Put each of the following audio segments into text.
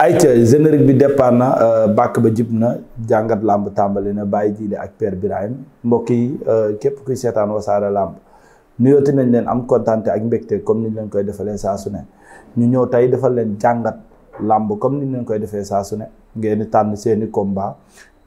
ayca générique bi départ na euh, bàkk ba jib na jàngat làmb tàmbali na bàyyi jiile ak per Birahim mbokk yi euh, képp kuy seetaan wasaare làmb nuyooti nañ leen am kontaan ak mbégte comme niñ leen koy defalee saa su ne ñu ñëw tey defal leen jàngat làmb comme ni leen koy defee saa su ne ngeen tànn seeni combat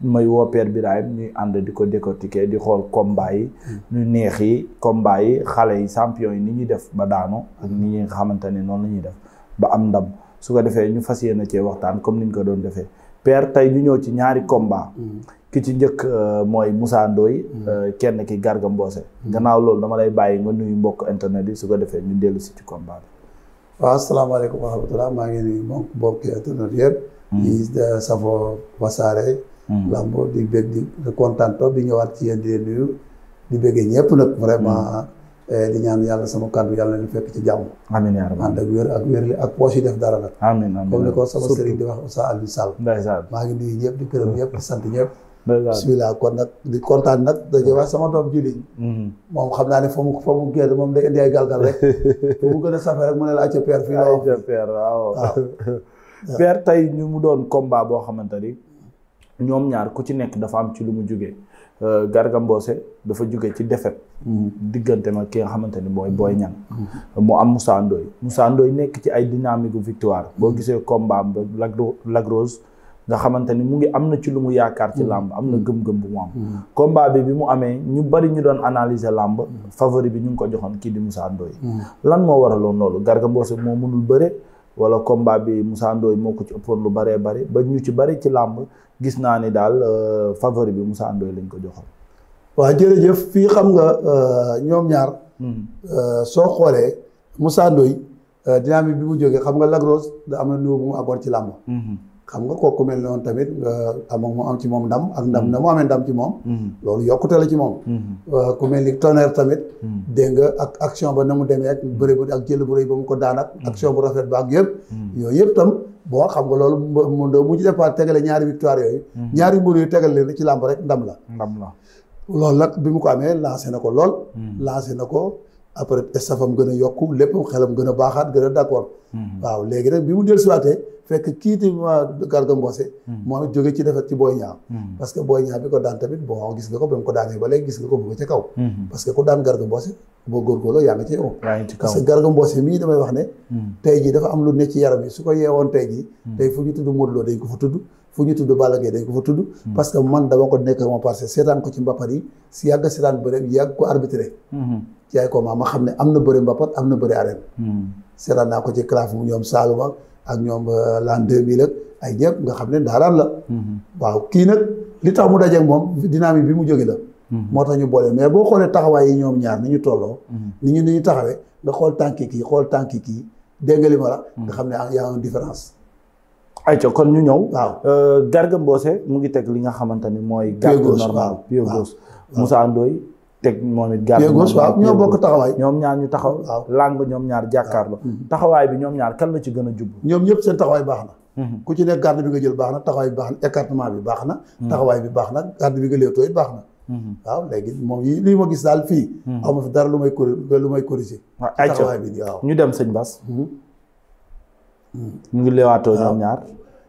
may woo père Birahim ñuy ànd di ko décortiquer di xool combat yi ñu neex yi combat yi xale yi champion yi ni ñuy def ba daanu ak ni ñi nga xamante ne noonu la ñuy def ba am ndam su ko defee ñu fas yéene cee waxtaan comme ni ñu ko doon defee père tey ñu ñëw ci ñaari combat mm. ki ci njëkk euh, mooy Moussa Ndoye mm. euh, kenn ki Garga mboose mm. gannaaw loolu dama lay bàyyi nga nuyu mbokk internet yi su ko defee ñu dellu si ci combat bi waaw asalaamaaleykum wa rahmatulah maa ngi nuyu mbokk mbokk internet yëpp ñi euh, safoo wasaare lamb di bég di kontaan trop di ñëwaat ci yéen di nuyu di béggee ñëpp nag vraiment Eh, di ñaan yàlla sama kàddu yàlla nañu fekk ci jàmm. amiin yaa rabbi ànd ak ak wérle ak def dara nag. amiin amiin comme ni ko sama sëriñ wax Oustaz Aliou Sall. maa ngi nuyu ñëpp di këram ñëpp di sant ñëpp. bismillah kon nag di kontaan nag daje wax sama doom julli mm-hmm. moom xam naa ne fa mu fa mu génn moom day indi ay galgal rek fa mu gën a safe rek mu ne la acca père fii la wax acca waaw père tey ñu mu doon combat boo xamante ni ñoom ñaar ku ci nekk dafa am ci lu mu jógee Euh, Garga Mbossé dafa jóge ci défaite mm-hmm. diggante ma ki nga xamante ni mooy mm-hmm. Boy Niang mm-hmm. mu am Moussa Ndoye Moussa nekk ci ay dynamique victoire boo gisee combat ba Lac Rose nga xamante ni mu ngi am na ci lu mu yaakaar ci làmb am na gëm-gëm bu mu am combat bi bi mu amee ñu bari ñu doon analyse làmb favori bi ñu ngi ko joxoon kii di Moussa lan moo waraloon loolu Garga Mbossé moo mënul bëre wala combat bi Moussa Ndoye moo ko ci ëppoon lu baree bari ba ñu ci bari ci làmb gis naa ni daal euh, favori bi Moussa Ndoye lañ ko joxoon. waaw jërëjëf fii xam nga euh, ñoom ñaar. Hmm. Euh, soo xoolee Moussa Ndoye dynamique bi mu jógee xam nga Lac Rose da am na niveau bu mu accord ci làmb. Hmm. xam nga kooku mel noonu tamit euh, amoon mu am ci moom ndam ak ndam mm. na mu amee ndam ci moom mm. loolu yokkute la ci moom mm-hmm. euh, ku mel ni tonnerre tamit mm. dégg nga ak action ba na mu demee ak bu ak jël bu rëy ba mu ko daan ak action bu rafet ba yëpp yooyu yëpp tam boo xam nga loolu mu ndoo mu ci départ tegale ñaari victoire yooyu mm-hmm. ñaari mbir yu tegale leen ci làmb rek ndam la ndam la loolu nag bi mu ko amee lancé na ko lool lancé na ko après estafam gën a yokku lépp xelam gën a baaxaat gën a d'accord mm-hmm. waaw léegi rek bi mu dellusiwaatee fekk kii di Garga Mbossé hmm. moom it jóge ci defet ci Boy Niang hmm. parce que Boy Niang bi ko daan tamit bon gis nga ko ba mu ko daanee ba léegi gis nga ko bu ko ca kaw hmm. parce que ku daan Garga Mbossé boo góorgóorloo yaa ngi ci yow parce que Garga Mbossé mii damay wax ne tey jii dafa am lu ne ci yaram yi su ko yeewoon tey jii tey fu ñu tudd Modou Lo dañ ko fa tudd fu ñu tudd Balla Gaye dañ ko fa tudd parce que man dama ko nekk ma parce que seetaan ko ci mbappat yi si yàgg seetaan bëreem yàgg ko arbitré ci ay ko ma ma xam ne am na bëre mbappat am na bëre arène seetaan naa ko ci claf mu ñoom Saalum ak ak ñoom euh, l'an deux mille ak ay ñëpp nga xam ne daaraan la mhm. waaw kii nag li tax mu dajeeg moom dynamique bi mu jóge la mhm. moo tax ñu boole mais boo xoolee taxawaay yi ñoom ñaar ni ñu tolloo mhm. ni ñu ni ñu taxawee nga xool tànki kii xool tànki kii dégg nga li ma la nga xam ne ah, y a une différence ayca kon ñu ñëw waaw euh, Garga Mbossé mu ngi teg li nga xamante ni mooy garde normal pied gauche Moussa Ndoye teg moom it gàll waaw ñoo bokk taxawaay ñoom ñaar ñu taxaw waaw mm-hmm. bi ñoom ñaar kan la ci gën a jublu ñoom ñëpp seen taxawaay baax na mm-hmm. ku ci nekk garde bi nga jël baax na taxawaay bi baax na écartement bi baax na mm-hmm. taxawaay bi baax na garde bi nga léewtoo it baax na waaw léegi ma gis daal fii aw ma fi dara lu may lu may corriger taxawaay bi waaw ñu dem sëñ Bass ñu ngi leewaatoo ñoom ñaar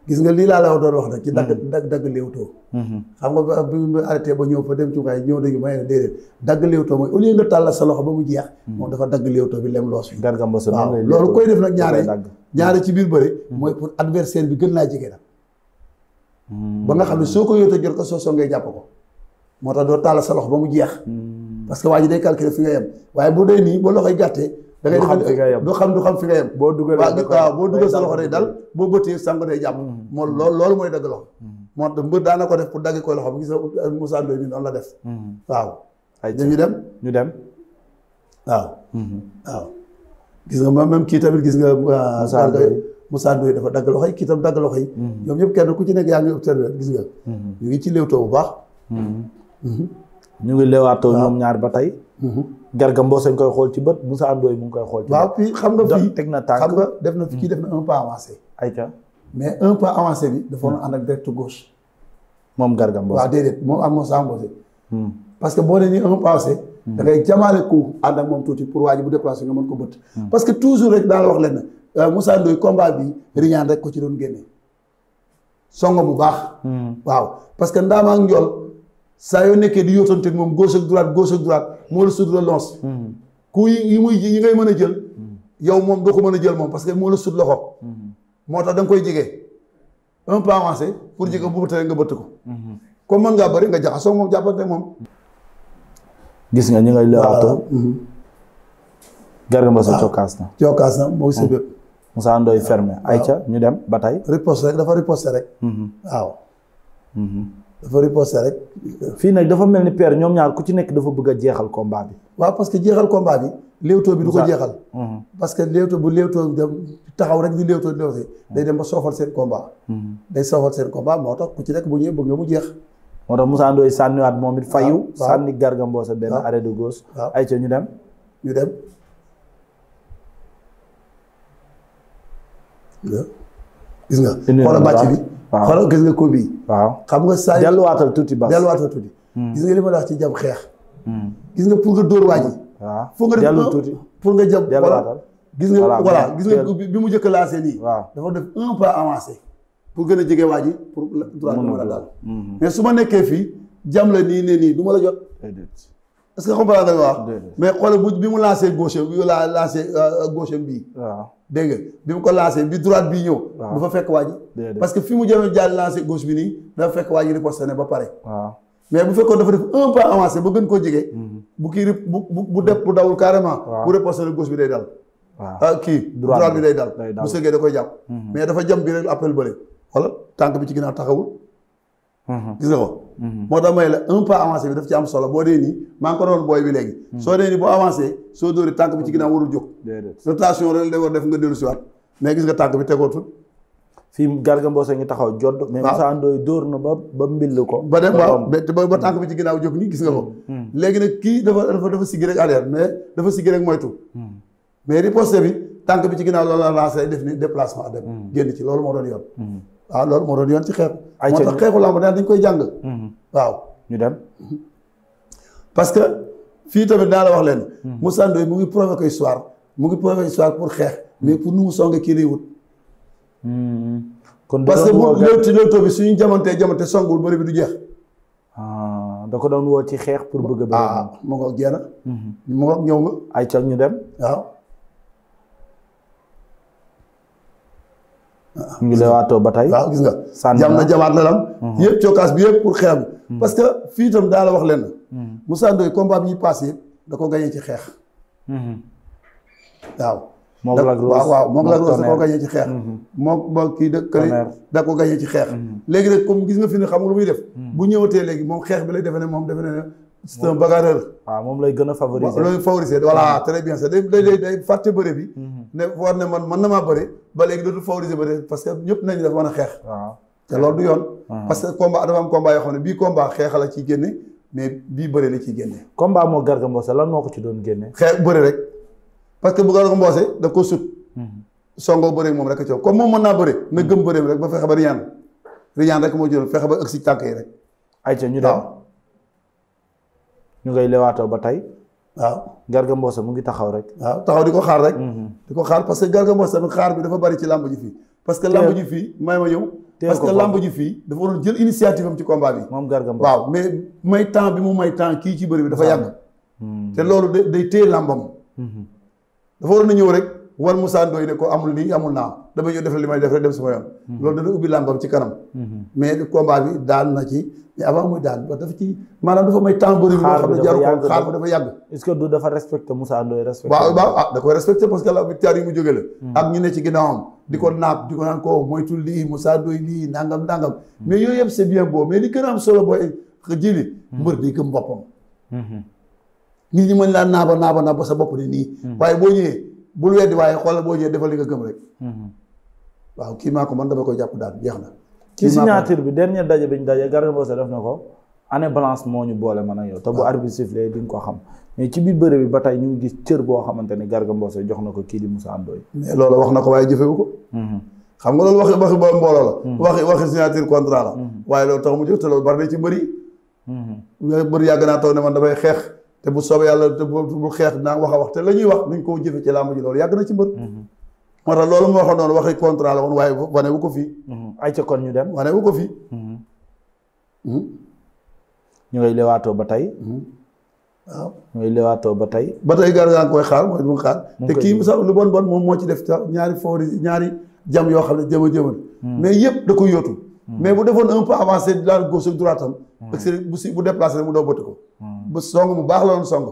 gis nga lii laa la doon wax nag ci dagg hmm. dagg dagg léewtoo hmm. xam nga bi mu arrêté ba ñëw fa dem ci waaye ñëw dëgg may déedéet dagg léewtoo mooy au lieu nga tàllal sa loxo ba mu jeex hmm. moom dafa dagg bi lem loos bi waaw loolu koy def nag ñaare ci biir bëri mooy pour adversaire bi gën naa jege nag ba nga xam ne soo ko yóotee jot ko soo soo ngay jàpp ko moo tax doo tàllal sa loxo ba mu jeex parce que waa ji day calculer fi nga yam waaye boo dee nii ba loxoy gàttee da ngay def du xam du xam fi nga yem boo dugal waaw boo dugal sa loxo day dal boo bëttee sango day jàpp moo loolu mooy dagg loxo mm-hmm. moo tax mbër ko def pour dagg koy loxo gis nga Moussa Ndoye mi noonu la def mm-hmm. waaw dañuy ñu dem waaw mm-hmm. waaw gis nga ma même kii gis nga euh, Moussa Ndoye dafa dagg loxo yi kii tam dagg loxo yi ñoom ñëpp kenn ku ci nekk yaa ngi observé gis nga ñu ngi ci léewtoo bu baax ñu ngi léewaatoo ñoom ñaar ba tey Garga Mbossé ñu koy xool ci bët Moussa Ndoye mu ngi koy xool ci bët. waaw fii xam nga fii teg na tànk xam nga def na kii hmm. def na un pas avancé. mais un pas avancé bi dafa waroon hmm. ànd ak direct gauche. moom Garga Mbossé waaw déedéet moom ak hmm. que boo nee nii ko ànd ak tuuti pour waa bu déplacé nga mën ko bët. parce que toujours rek daal wax leen ne euh, Moussa Ndoye bi riñaan rek ko ci doon génne. songo bu baax. waaw parce que Ndama ak saa yoo nekkee di yóotante ak moom gauche ak droite gauche moo la sut la hmm. ku yi muy yi ngay mën a jël yow moom doo ko mën a jël moom parce que moo la sut loxo hmm. moo tax da koy jege un pour jege bu tawee nga bëtt ko hmm. comme mën ngaa bëri nga jaxasoo moom jàppante moom gis nga ñu ngay lewaatoo Garga Mbossé ah. cokkaas na cokkaas na moo si bépp Moussa Ndoye fermé ayca ñu dem ba tey riposte rek dafa riposte rek waaw dafa riposté rek. fii nag dafa mel ni per ñoom ñaar ku ci nekk dafa bëgg a jeexal combat bi. waaw parce que jeexal kombaa bi. léewtoo bi du ko jeexal. Mhm. parce que léewtoo bu léewtoo dem taxaw rek di léewtoo di day dem ba soofal seen combat. Mhm. day soofal seen combat moo tax ku ci rek bu ñëwee bëgg nga mu jeex. moo tax Moussa Ndoye sànniwaat moom it fayu. waaw sànni Garga Mbossé benn arrêt de gauche. ay ayca ñu dem. ñu dem. gis nga. xoolal bàcc bi. waaw xoolal gis nga ko bi waaw xam nga saa delluwaatal tuuti ba delluwaatal tuuti hmm. gis nga li ma la wax ci jam xeex hmm. gis nga pour nga dóor waa ji waaw foog nga def tuuti pour nga jam delluwaatal gis nga voilà gis nga bi mu njëkk a lancé nii waaw dafa pour gën a jege waa ji pour droit bi mën a daal hmm. mais su ma nekkee fii jam la nii ne nii du ma la jot est-ce que comprendre nga wax mais xoolal bu bi mu lancé gauche bi la lancé euh, gauche bii waaw dégg nga bi mu ko lancé bi droite bi ñëw. du fa fekk waa ji. parce que fi mu jëmee jaal lancé gauche bi nii dafa fekk waa ji riposté ne ba pare. mais bu fekkoon dafa def un pas avancé ba gën koo jege. Mhm. bu kii bu bu bu def bu dawul carrément. bu riposté ne gos bi day dal. waaw ah, kii droite bi day dal. bu sëggee da koy jàpp. Mhm. mais dafa jëm bi rek appel bële. wala tànk bi ci ginnaaw taxawul. Mhm. gis nga ko. Mhm. moo tax may la un pas avancé bi daf ci am solo boo dee nii maa ngi ko doon booy bi léegi. Mhm. soo dee nii boo avancé soo dóori tànk bi ci ginnaaw warul jóg. rotation ren de war def nga dellu si waat mais nga tànk bi tegootul. fii taxaw jodd mais Moussa Ndoye dóor na ba ba ko. ba dem ba ba bi ci ginnaaw jóg nii gis nga ko. léegi nag kii dafa dafa dafa sigg rek arrière mais dafa sigg rek moytu. mais riposte bi tànk bi ci ginnaaw loolu la def ni déplacement dem. génn ci loolu moo doon yoon. waaw loolu moo doon yoon ci xeexu. ay moo tax xeexu làmb daal dañ koy jàng. Hmm. waaw ñu dem. parce que fii tamit daal la wax leen. Hmm. Moussa Ndoye mu ngi provoqué histoire mu ngi provoqué histoire pour xeex mais pour nu songee kii lay wut. Hmm. kon parce que bu léegi léegi bi suñu jamantee jamante songul bëri bi du jeex. Ah, da ko doon woo ci xeex pour bëgg a. bëri ah, mu ngoog jeex mu ngoog ñëw nga. ay ca ñu dem waaw. ñu ngi waatoo ba tey waaw gis nga jam na jamaat na lam mhm. yëpp cokkaas bi yëpp pour xeex bi mhm. parce que fii itam daal la wax lenn mhm. Moussa Ndoye combat bi ñu passé da ko gañee ci xeex waaw moom la waaw waaw moom la da ko gañee ci xeex moom ba kii da kële da ko gañee ci xeex léegi nag comme gis nga fi ne xam nga lu muy def bu ñëwatee léegi moom xeex bi lay defe ne moom defe ne c'est un bagarreur. waaw ah, moom lay gën a favoriser. looy favoriser voilà ah. très bien c'est day day day fàtte bëre bi. Mm-hmm. ne war ne man mën na maa bëre ba léegi dootul favoriser bëre parce que ñëpp nañu dafa mën a xeex. waaw ah. te loolu du yoon. Mm-hmm. parce que combat dafa am combat yoo xam ne bii combat xeex la ciy génne mais bii bëre la ciy génne. combat moo Garga Mbossé lan moo ko ci doon génne. xeex bëre rek parce que bu Garga Mbossé daf ko sut. Mm-hmm. songoo bëre moom rek a coow comme moom mën naa bëre na gëm bëreem rek ba fexe ba riyaan riyaan rek moo jël fexe ba ëgg si tànk yi rek. ayca ñu dem ñu ngay lewaatoo ba tey waaw Garga Mbossé mu ngi taxaw rek waaw taxaw di ko xaar rek mm-hmm. di ko xaar parce que Garga Mbossé tamit xaar bi dafa bari ci làmb ji fii parce que làmb ji fii may ma ñëw parce que làmb ji fii dafa waroon jël initiative am ci combat bi moom Garga Mbossé waaw mais may temps bi mu may temps kii ci bëri bi dafa yàgg mm-hmm. te loolu day téye làmbam mm-hmm. dafa waroon na ñëw rek war Moussa Ndoye ne ko amul lii amul li may def hmm. hmm. na ci mais avant muy daal dafa ci bi dafa yàgg xaar bi dafa yàgg. est-ce que du dafa waaw waaw ah da koy respecté parce que la yi mu jóge la. Hmm. ak ñu ne ci ginnaawam. di ko naap di ko naan ko oh, moytu lii Moussa Ndoye lii nangam nangam. mais yooyu yëpp c'est bien beau mais li gën a am solo booy jili. mbër bi gëm boppam. nit ñi mën laa naaba naaba naaba sa bopp ni nii. waaye boo ñëwee bul weddi waaye xoolal boo ñëwee defal li nga gëm rek. Mhm. waaw kii maa ko man dama koy jàpp daal jeex na. ci signature bi dernier daje bi ñu daje Garga def na ko année balance moo ñu boole man ak yow te bu arbitre sifflé di nga ko xam mais ci biir bëre bi ba tey ñu ngi gis cër boo xamante ne Garga Mbossé jox na ko kii di Moussa mais loolu wax na ko waaye jëfewu ko mhm. xam nga loolu waxi waxi bo mbooloo la mhm. waxi waxi signature contrat la waaye loolu tax mu yàgg naa toog ne man damay xeex te bu soobee yàlla te bu xeet naa wax a wax te la ñuy wax nuñ koo jëfe ci làmb ji loolu yàgg na ci mbër mhm. moo tax loolu nga waxoon noonu waxi contrat la woon waaye mhm. ay ca kon ñu dem wane ko fii mhm. hmm? ñu ba tey hmm? waaw ñu ba tey ba tey gar nga koy xaar mooy mu xaar te kii sax lu bon bon moom moo ci def sax ñaari favori ñaari jam yoo xam ne jëma jëma hmm. mais yëpp da ko yóotu mais bu defoon un daal avancé laal gauche droite am ak bu si bu déplacé mu doo bëtt ko ba song bu baax la doon song.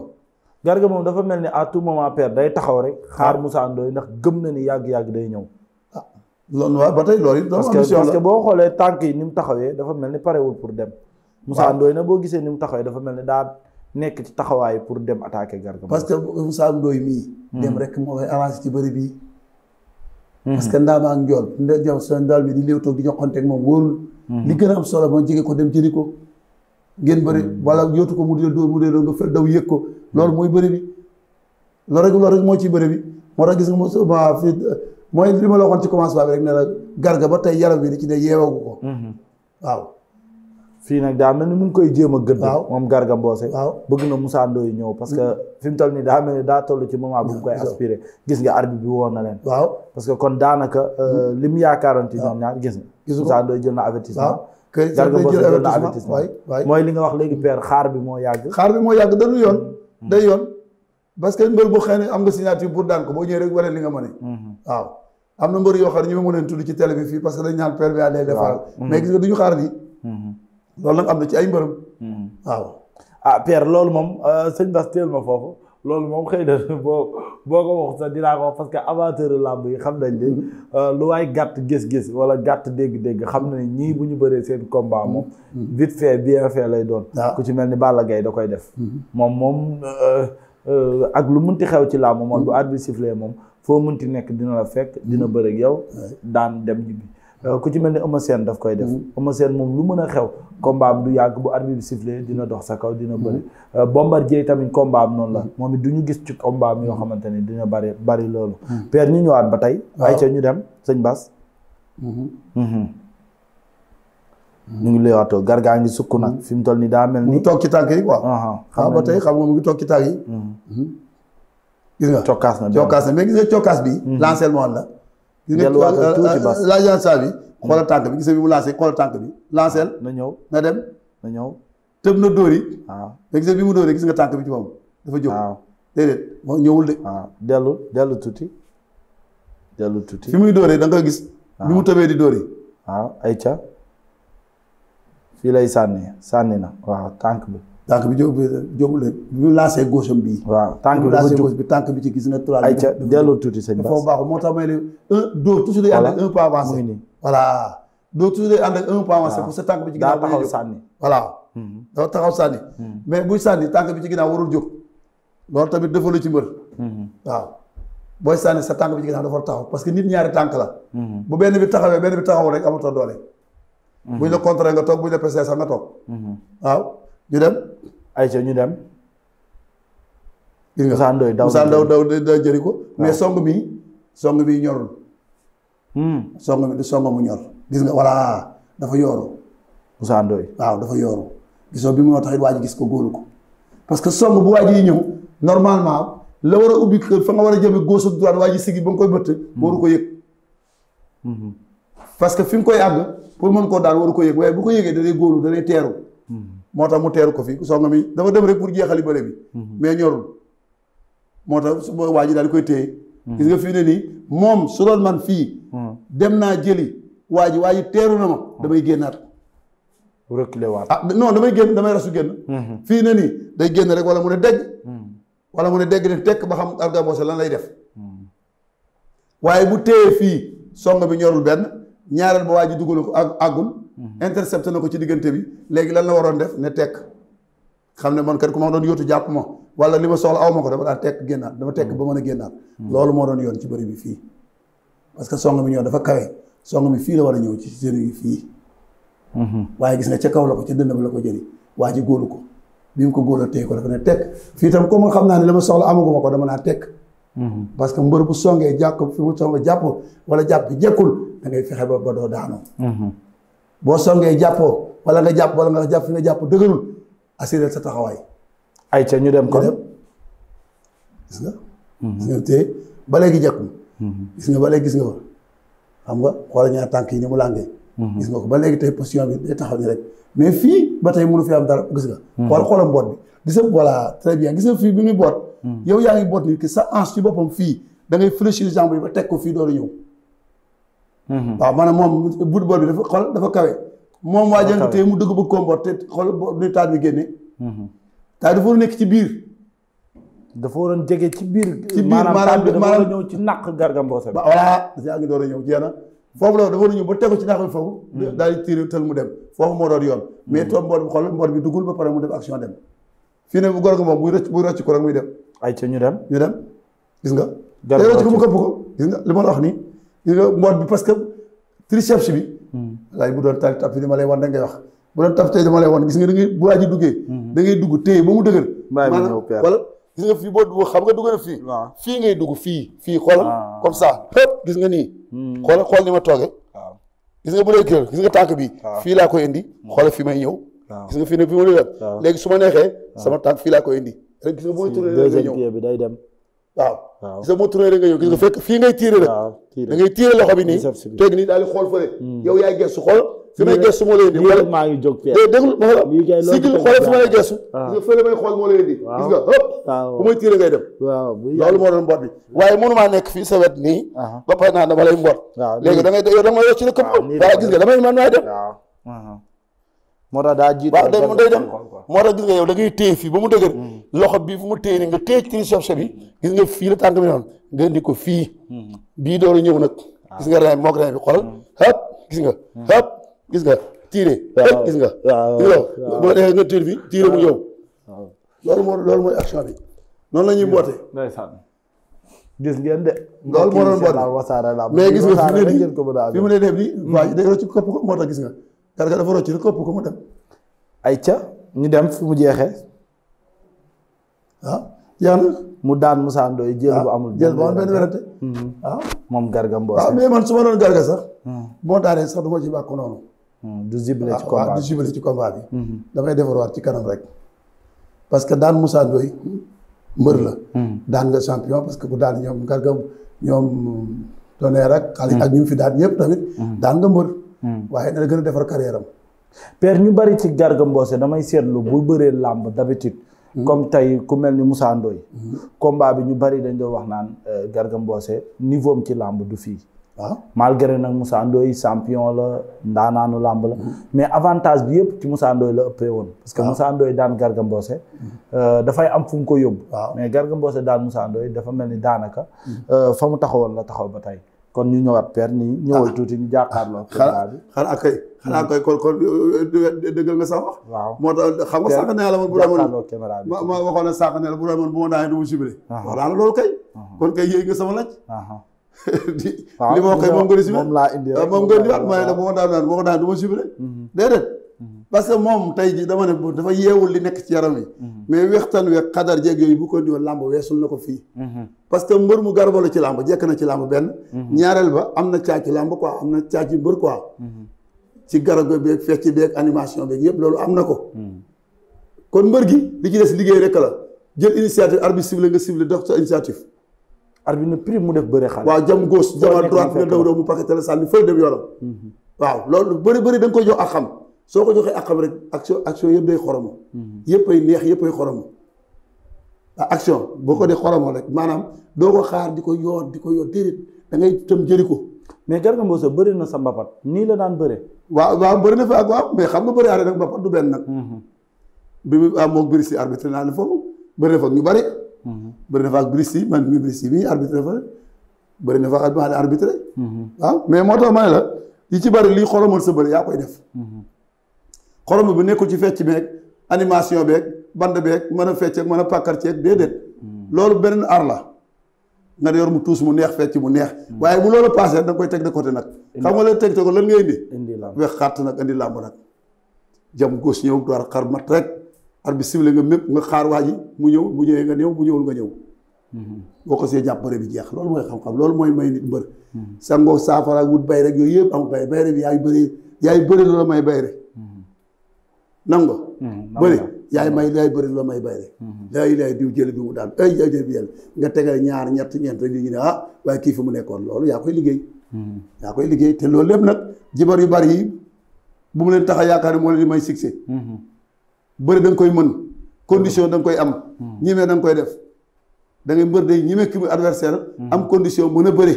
Garga moom dafa mel ni à tout moment per day taxaw rek xaar musaandooy Ndoye ndax gëm na ni yàgg-yàgg day ñëw. ah loolu waaw ba tey loolu it. boo xoolee tànk yi ni mu taxawee dafa mel ni parewul pour dem. Moussa Ndoye nag boo gisee ni mu taxawee dafa mel ni daa nekk ci taxawaay pour dem attaquer Garga. parce que Moussa Ndoye mii. Hmm. dem rek moo koy ci bëri bi hmm. parce que ndaama ak njool nda jaw seen daal bi di léew toog di joxonteeg moom wóorul. Hmm. li gën a am solo mooy jege ko dem jëli ko. ngeen bëri mm. wala yóotu ko mu dee dóor mu dee dóor nga fel daw yëg ko loolu mm. mooy bëri bi loolu rek loolu rek moo ci bëri bi moo tax gis nga mosuma fii mooy li ma la waxoon ci commencement bi rek ne la garga ba tey yaram bi di ci ne yeewagu ko mm-hmm. waaw fii nag daa mel ni mu ngi koy jéem a gëdd moom Garga Mbossé waaw bëgg na Moussa Ndoye ñëw parce que mm. fi mu toll nii daa mel ni daa toll ci moment bu mu koy aspiré gis nga arbitre bi woon na leen waaw parce que kon daanaka euh, li mu yaakaaroon ci ñoom ñaar gis nga Moussa Ndoye jël na avertissement kër garga mboose jël na avertissement waay waay mooy li nga wax léegi père xaar bi moo yàgg xaar bi moo yàgg dañu yoon mm-hmm. day yoon parce que mbër bu am nga signature pour daan ko boo ñëwee rek wane li nga mën mm-hmm. waaw am na mbër yoo xam ne ñu ma leen tudd ci télé bi fii parce que dañ ñaan père bi lay defaral mm-hmm. mais gis nga duñu xaar lii ah, loolu moom euh, sëñ Bass teel ma foofu loolu moom xëy na boo boo ko wax sax dinaa ko wax parce que amateur làmb yi xam nañ ni mm-hmm. euh, lu waay gàtt gis-gis wala gàtt dégg-dégg xam na ñii bu ñu bëree seen combat moom mm-hmm. vite fait bien fait lay doon ah. ku ci mel ni Balla gay da koy def mm-hmm. moom moom euh, ak lu munti xew ci làmb moom bu arbitre bi moom foo munti nekk dina la fekk dina bëre yow daan dem ñibbi Euh, ku ci mel ni Eumeu Sène daf koy def mm-hmm. Eumeu Sène moom lu mën a xew combat du yàgg bu arbitre bi sifflé dina dox sa kaw dina bëri mm-hmm. euh, Bombardier tamit combat am noonu la mm-hmm. moom it du ñu gis ci kombaam yoo xamante ne dina bari bari loolu père ñu ñëwaat ba tey ay ñu dem sëñ Bass ñu ngi leewaatoo gargaa ngi sukk nag fi mu toll nii daa mel ni mu toog ci tànk yi quoi uh-huh. ah, xam ba tey xam nga mu ngi gis nga cokkaas bi l'enseignement la delluwaatal tuuti euh, bas euh, laajal saa bi xoolal hmm. tànk bi gis bi mu lancé xoolal tànk bi lanceel ah, na ñëw na dem na ñëw tëb na dóor yi waaw ah. mais gis bi mu dóor yi gis nga tànk bi ci moom dafa jóg waaw ah. moo ñëwul de waaw dellu dellu tuuti dellu tuuti fi muy dóoree da nga gis bi mu tëbee di dóori yi waaw ay ca fii lay sànni sànni na waaw tànk bi tànk bi jóg jógul rek bu ñu laasee gauche am bii. waaw tànk bi laasee tànk bi ci gis na. trois ay ca delloo tuuti sëñ Bass dafa moo tax may leen un dóor toujours day ànd ak un pas avancé. voilà dóor toujours day ànd ak un pas avancé. sa taxaw hmm. hmm. mais buy sànni tànk bi ci ginnaaw warul jóg. loolu tamit dafa lu ci mbër. Hmm. waaw sa tànk bi ci dafa taxaw parce que nit ñaari tànk la. bu benn bi taxawee benn bi taxawul rek amatoo doole. buñ la contrer nga toog buñ la pesee sax nga toog waaw ñu dem. ayca ñu dem. gis nga Moussa Ndoye daw Moussa Ndoye daw daw jëri ko. mais song bi song bi ñorul. Hmm. song bi du song mu ñor. gis nga voilà dafa yooru. Moussa Ndoye waaw dafa yooru. gisoo bi moo tax it waa gis ko góolu ko. parce que song bu waa ji ñëw normalement la war a ubbi fa nga war a jëme góosu droite waa ji sigi ba nga koy bëtt. Hmm. waru ko yëg. Hmm. parce que fi nga koy àgg pour mën koo daal waru ko yëg waaye bu ko yëgee da lay góolu da lay teeru. moo tax mu teeru ko fi song mi dama dem rek pour jeexali bëre bi mhm. mais ñorul moo tax su waa ji daal di koy téye mhm. gis nga fii ne nii moom su doon man fii mhm. dem naa jëli waa ji waa ji teeru na ma damay génnaat reculer waat ah damay génn damay rasu génn fii ne nii day génn rek wala mu ne dégg wala mu ne dégg ne tekk ba xam Garga Mbossé lan lay def waaye bu téye fii song bi ñorul benn ñaareel ba waa ji dugalu ko àggul Mhm. intercepté na ko ci diggante bi léegi lan la waroon def ne tek xam ne man kat ku ma doon yóotu jàpp ma wala li ma soxla aw ma ko dama daa tekk génnaat dama tekk mhm. ba mën a génnaat mhm. loolu moo doon yoon ci bëri bi fii parce que song mi ñëw dafa kawe song mi fii war a ñëw ci série yi fii waaye gis nga ca kaw la ko ca dënn bi la ko jëli waa ji góolu ko bi mu ko góoloo téye ko dafa ne tekk fii tam comme xam naa ne la ma soxla amaguma ko dama naa tekk parce que mbër bu songee jàpp fi mu songee jàpp wala jàpp jekkul dangay fexe ba ba doo daanoo boo songee jàppoo wala nga jàpp wala nga jàpp fi nga jàpp dëgërul assuré sa taxawaay. ay ca ñu dem kon gis nga. te ba léegi jekku. gis nga ba léegi gis nga ko xam nga xoola ñaar tànk yi ni mu làngee. gis nga ko ba léegi tey position bi day taxaw ni rek mais fii ba tey mënu fi am dara gis nga. xool xoolam boot bi gis nga voilà très bien gis nga fii bi muy boot. yow yaa ngi boot nit ki sa hanche ci boppam fii da ngay fléchir jambe yi ba teg ko fii door a ñëw. Mhm. waaw maanaam moom but bool bi dafa xol dafa kawe moom waa jëng te mu dugg ba combat te xol du taat bi génne mhm. taat dafa war a nekk ci biir dafa waroon jege ci biir ci biir maanaam dafa war a ñëw ci naq Garga Mbossé bi voilà yaa ngi door a ñëw foofu la dafa war a ñëw ci naq foofu mhm. daal di mu dem foofu moo doon yoon mais toog mboot bi xol mboot bi duggul ba pare mu def action dem fii ne bu gor moom buy rëcc buy rëcc ko rek muy dem ay ca ñu dem ñu dem gis nga day rëcc ko mu këpp ko gis nga li ma la wax nii mboot bi parce que triceps bi. Hmm. laaj bu doon tànk tàpp dama lay wan da ngay wax. bu doon taf tey dama gis nga da ngay bu waa ji duggee. Hmm. dugg téye ba mu dëgër. maanaam wala gis nga fii boo dugg xam nga dugg na fii. fii ngay dugg fii fii xoolal. Ah. comme ça fépp gis nga nii. Hmm. xoolal xool ni ma toogee. gis nga bu lay kër gis nga tànk bi. fii laa koy indi. xoolal fi may ñëw. gis nga fii ne fi ma lay léegi su ma neexee. sama tànk fii laa koy indi. rek gis nga bu may rek ñëw deuxième bi day dem. waaw gis nga boo tourné rek nga yow gis nga fekk fii ngay tiire rek da ngay tiire loxo bi ni teg nii daal di xool fële hmm. yow yaay gestu xool fi may gestu moo lay maa ngi jóg fii déglu ma sigil xool fi may gestu gis nga fële may xool moo lay gis nga hop bu may tiire ngay dem loolu moo doon mboot bi waaye mënumaa nekk fii sa wet nii ba pare naa dama lay mboot léegi da ngay yow da nga ma yocc ne këpp waaw gis nga damay man maay dem moo tax daa jiit waaw day day dem moo tax gis nga yow da ngay téye fii ba mu dëgër hmm. loxo bi fu mu téye ni nga téye ci triceps bi gis nga fii la tànk bi noonu nga indi ko fii hmm. bii dooru ñëw nag ah. gis nga rein mook rein bi xoolal hmm. hëpp gis nga hëpp gis nga tiire hëpp gis nga gis nga bu la defee nga tiir bi tiire mu ñëw loolu moo loolu mooy action bi noonu la ñuy bootee gis ngeen de. loolu moo doon boole mais gis nga fi mu ne nii fi mu ne nii waa ji dañoo ci kopp moo tax gis nga. garga dafa rocc rek këpp ko mu dem ay ca ñu dem fu mu jeexee waaw ah, mu daan Moussa Ndoye jël bu ah, amul jël bu amul benn werante waaw mm-hmm. ah. moom garga mboose waaw mais man su ma doon garga sax hmm. boo daanee sax du ma ci bàkk noonu hmm, du zible ci combat bi mm-hmm. du zible ci combat kanam rek parce que daan Moussa Ndoye mbër la hmm. daan nga champion parce que bu daan ñoom garga ñoom doneer ak xale ak ñu fi daan ñëpp tamit daan mbër Hmm. waaye dana gën defar carrière am ñu bari ci Garga Mbossé damay seetlu bu bëree làmb d'habitude hmm. comme tey ku mel ni Moussa Ndoye hmm. combat bi ñu bari dañ doon wax naan euh, Garga Mbossé niveau am ci làmb du fii waaw ah. malgré nag Moussa Ndoye champion la ndaanaanu làmb la mais avantage bi yëpp ci musaandooy la ëppee woon parce que ah. Moussa Ndoye daan Garga Mbossé euh, dafay am fu mu ko yóbbu ah. mais Garga Mbossé daan Moussa dafa mel ni daanaka euh, fa mu taxawoon la taxaw ba tey kon ñu ñëwaat per ni ñëwal ah. tuuti ñu jàkkaarloo. Ah, xanaa xanaa kay xanaa hmm. kay kon kon euh, euh, dëggal nga sax wax. waaw moo tax xam nga sànq nee la man bu doon caméra bi ma ma waxoon ne sànq nee la bu doon man bu ma daanee du ma jubilé. wax naa la loolu kay. Ah, kon kay yéeg nga sama laaj. li ma wax kay moom nga di jubilé moom laa indi moom nga di waat ma ne bu ma daan naan bu ma daan du ma jubilé mm-hmm. déedéet. parce que moom tey ji dama ne bu dafa yeewul li nekk ci yaram yi mhm. mais wextaan we xadar jéeg yooyu bu ko diwoon làmb weesul na ko fii mhm. parce que mbër mu garbalu ci làmb jekk na ci làmb benn mhm. ñaareel ba am na caaci làmb quoi am na caaci mbër quoi ci garago beeg fecc beeg animation beeg yëpp loolu am na ko kon mbër gi li ci des liggéey rek la jël initiative arbitre ciblé nga ciblé dox sa initiative arbitre ne prime mu def bëre xale waaw jam gauche jam droite nga daw daw mu paqueté bëri da jox xam soo ko joxee àqam rek action action yëpp day xoromo mhm. yëpp ay neex yëpp ay xoromo ah, action boo ko dee xoromo rek maanaam doo ko xaar di ko yoon di ko yoon déedéet da ngay tam jëli ko mais Garga sa bëri na sa mbapat nii la daan bëre waaw waaw bëri na fa ak waaw mais xam nga bëri aare nag mbapat du benn nag mhm. bi waaw ah, moom Brice naa ne foofu bëri ñu bëri mhm. bëri na fa ak Brice yi man mi Brice arbitre fa bëri na fa ak maa ne arbitre waaw mais moo tax ma ne la yi ci bëri lii xoromal sa bëri yaa koy def xorom bi nekkul ci fecc beeg animation beeg band beeg mën a fecceeg mën a pàkkar ceeg déedéet loolu benn ar la nga yor mu tuus mu neex fecc mu neex hmm. waaye bu loolu passé da koy teg de côté nag xam nga leen teg ko lan ngay indi wex xatt nag indi làmb nag jam gauche ñëw door xar mat rek ar bi sible nga mépp nga xaar waa ji mu ñëw bu ñëwee nga ñëw bu ñëwul nga ñëw hmm. boo ko see jàpp bëre bi jeex loolu mooy xam-xam loolu mooy may nit mbër hmm. sango saafara wut bay rek yooyu yëpp am bay bayre bi yaay bëri yaay bëri loola may bayre nangu hmm, bëri yaay may hmm, hmm. yaay bëri la may bayre laayi laay diw jël bi mu daan ay yaay jël bi yàlla nga tegal ñaar ñett ñeent rek li ñu ne ah waaye kii fi mu nekkoon loolu yaa koy liggéey yaa koy liggéey te loolu lépp nag jibar yu bari yi bu mu leen tax a yaakaar ne moo leen di may succès bëri da nga koy mën condition da nga koy am ñimee da nga koy def da ngay mbër day ñimee ki mu adversaire am condition mën a bëri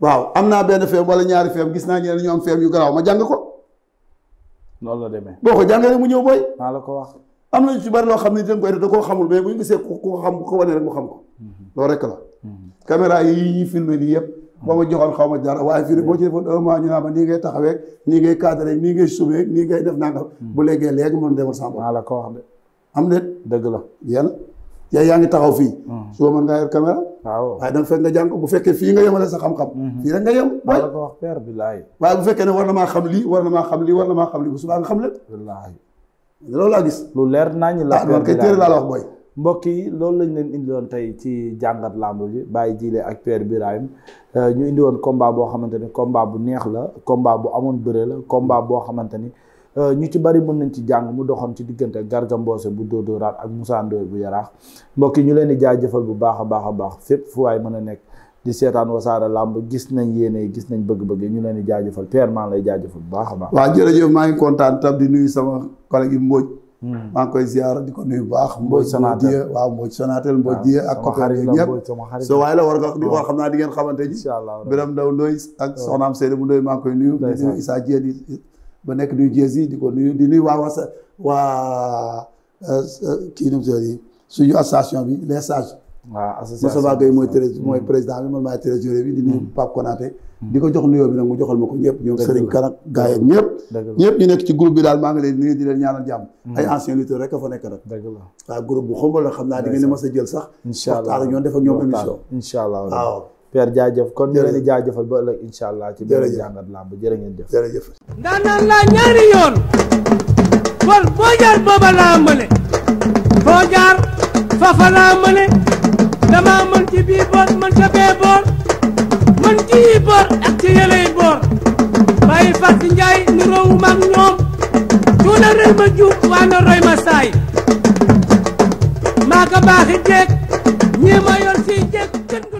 waaw am naa benn feem wala ñaari feem gis naa ñeneen ñu am feem yu garaaw ma jàng ko loolu la demee boo ko jàngee rek mu ñëw booy. maa la ko wax. am na ci bari loo xam ne dañ da koo xamul mais bu ñu gisee ku ko xam ku ko rek mu xam ko. Mhm. loolu rek la. Mhm. caméra yi ñuy filmé nii yëpp. boo ma joxoon xaw ma dara waaye fii boo ci defoon un mois ñu naan ma nii ngay taxawee nii ngay cadré nii ngay subee nii ngay def nangam. Mhm. bu léegee léegi mën demal sàmm. maa ko wax am na dëgg la yàlla. yaay yaa ngi taxaw fii hmm. suba mën ngaa yor caméra waaye danga fekk nga jàng bu fekkee fii nga yemale sa xam-xam hmm. fii rek nga yem wax père bi laay waaye bu fekkee ne war na maa xam lii war na maa xam lii war na maa xam lii bu subaa nga xam lépp wallaahi loolu laa gis lu leer naa ñu la man ah, kay téere laa la wax booy mbokk yi loolu lañ leen indi woon tey ci jàngat lamb ji bàyyi Djily ak Père Birahim euh, ñu indi woon combat boo xamante ni combat bu neex la combat bu amoon bëre la combat boo xamante ni Euh, ñu ci bari mën nañ ci jàng mu doxoon ci diggante Garga Mbossé bu Dóodóoraat ak Moussa Ndoye bu Yaraax mbokk yi ñu leen di jaajëfal bu baax a baax a baax fépp fu waay mën a nekk di seetaan wasaare làmb gis nañ yéene gis nañ bëgg-bëgg ñu leen di jaajëfal Père maa lay jaajëfal bu baax a baax. waaw jërëjëf maa ngi kontaan tam di nuyu sama collègue yi Mbodj. Hmm. maa ngi koy ziar di ko nuyu bu baax. Mbodj Sonatel waaw Mbodj Sonatel Mbodj Dié ak. sama xarit la Mbodj sama xarit waaye xam naa di ngeen xamante ni. incha allah Biram Ndaw Ndoye ak soxnaam Seydou Ndoye maa ngi koy nuyu. ba nekk New Jersey di ko nuyu di nuyu waa wasa waa euh, euh, kii nu mu suñu association bi les sages. waaw association Moussa Gueye mooy trésorier mm. mooy président bi man maay trésorier bi di nuyu mm. Pape Konaté. Mm. di ko jox nuyoo bi nag mu joxal ma ko ñëpp ñoom Serigne Kan ak gars yi ñëpp ñu nekk ci groupe bi daal maa ngi leen nuyu di leen ñaanal jàmm ay anciens lutteurs rek a fa nekk nag dëgg groupe bu xombal la xam naa di ngeen di mës a jël sax waxtaan ak ñoom def ak ñoom émission incha allah Père jaajëf kon ñu leen di jaajëfal ba ëllëg incha allah ci beneen jàngat làmb jërë ngeen jëf jërëjëf ndaa naan laa ñaari yoon kon boo jaar booba laa mëne boo jaar fafa laa mëne dama mën ci bii boor mën ca bee boor mën ci yi boor ak ci yëley boor bàyyi fas si njaay nu roowu maag ñoom tuuna rëy ma juub waa na roy ma saay maa ko baaxi jeeg ñii ma yor si jeeg